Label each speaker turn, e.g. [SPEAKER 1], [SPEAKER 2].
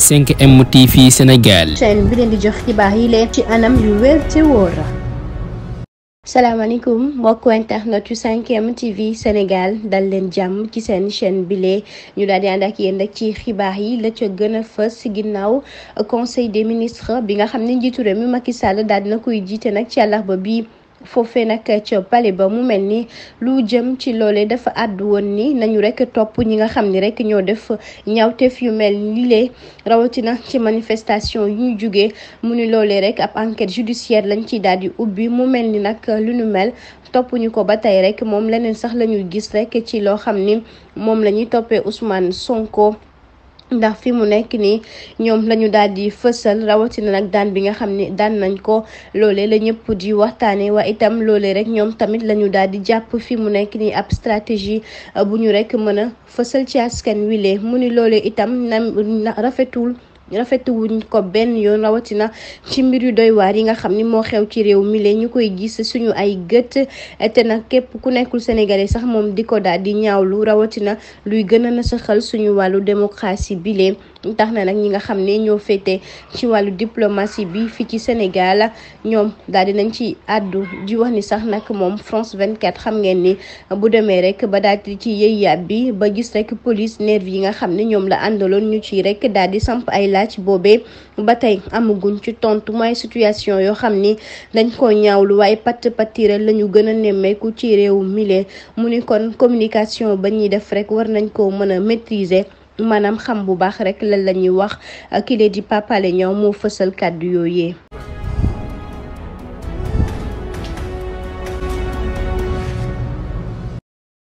[SPEAKER 1] 5M TV Sénégal. chaîne di jox xibaar yi leen ci anam yu wér ci mbokk internet yu 5M TV Sénégal dal leen jàmm ci seen chaîne bile ñu daal di ànd ak yéen ci xibaar yi la ca gën a fës ginnaaw conseil de ministres bi nga xam ne njiitu réew mi Macky Sall daal dina koy jiite nag ci àllarba bi. foofee nag ca pale ba mu mel ni lu jëm ci loole dafa àddu woon ni nañu rek topp ñi nga xam ni rek ñoo def ñawteef yu mel ni lee rawatina ci manifestation yu ñu jugee mu ni loolee rek ab enquête judiciaire lañ ciy daal di ubbi mu mel ni nag lu ñu mel topp ñu ko ba tey rek moom leneen sax la ñuy gis rek ci loo xam ni moom la ñuy toppee Ousmane Sonko. ndax fi mu nekk nii ñoom la ñu daal di fësal rawatina nag daan bi nga xam ne daan nañ ko loole la ñëpp di waxtaanee waa itam loole rek ñoom tamit la ñu daal di jàpp fi mu nekk nii ab stratégie bu ñu rek mën a fësal ci askan wi lee mu ni loole itam na rafetul. rafetu wuñ ko benn yoon rawatina ci mbir yu doy waar yi nga xam ni moo xew ci réew mi leen ñu koy gis suñu ay gët te nag képp ku nekkul sénégalais sax moom di ko daal di ñaawlu rawatina luy gën a nasaxal suñu wàllu démocratie bi leen tax na nag ñi nga xam ne ñoo féete ci wàllu diplomatie bi fii ci Sénégal ñoom daal nañ ci àddu ji wax ni sax nag moom France 24 xam ngeen ni bu demee rek ba daal ci yëy bi ba gis rek police nerve yi nga xam ne ñoom la àndaloon ñu ci rek daal di samp ay laaj laaj boobee ba tey amaguñ ci tontu mooy situation yoo xam ni dañ ko ñaawlu waaye patt pattiré la ñu gën a nemmeeku ci réew mile mu ni kon communication ba ñuy def rek war nañ ko mën a maîtriser maanaam xam bu baax rek lan la ñuy wax kile di papale ñoom moo fësal kàddu yooyee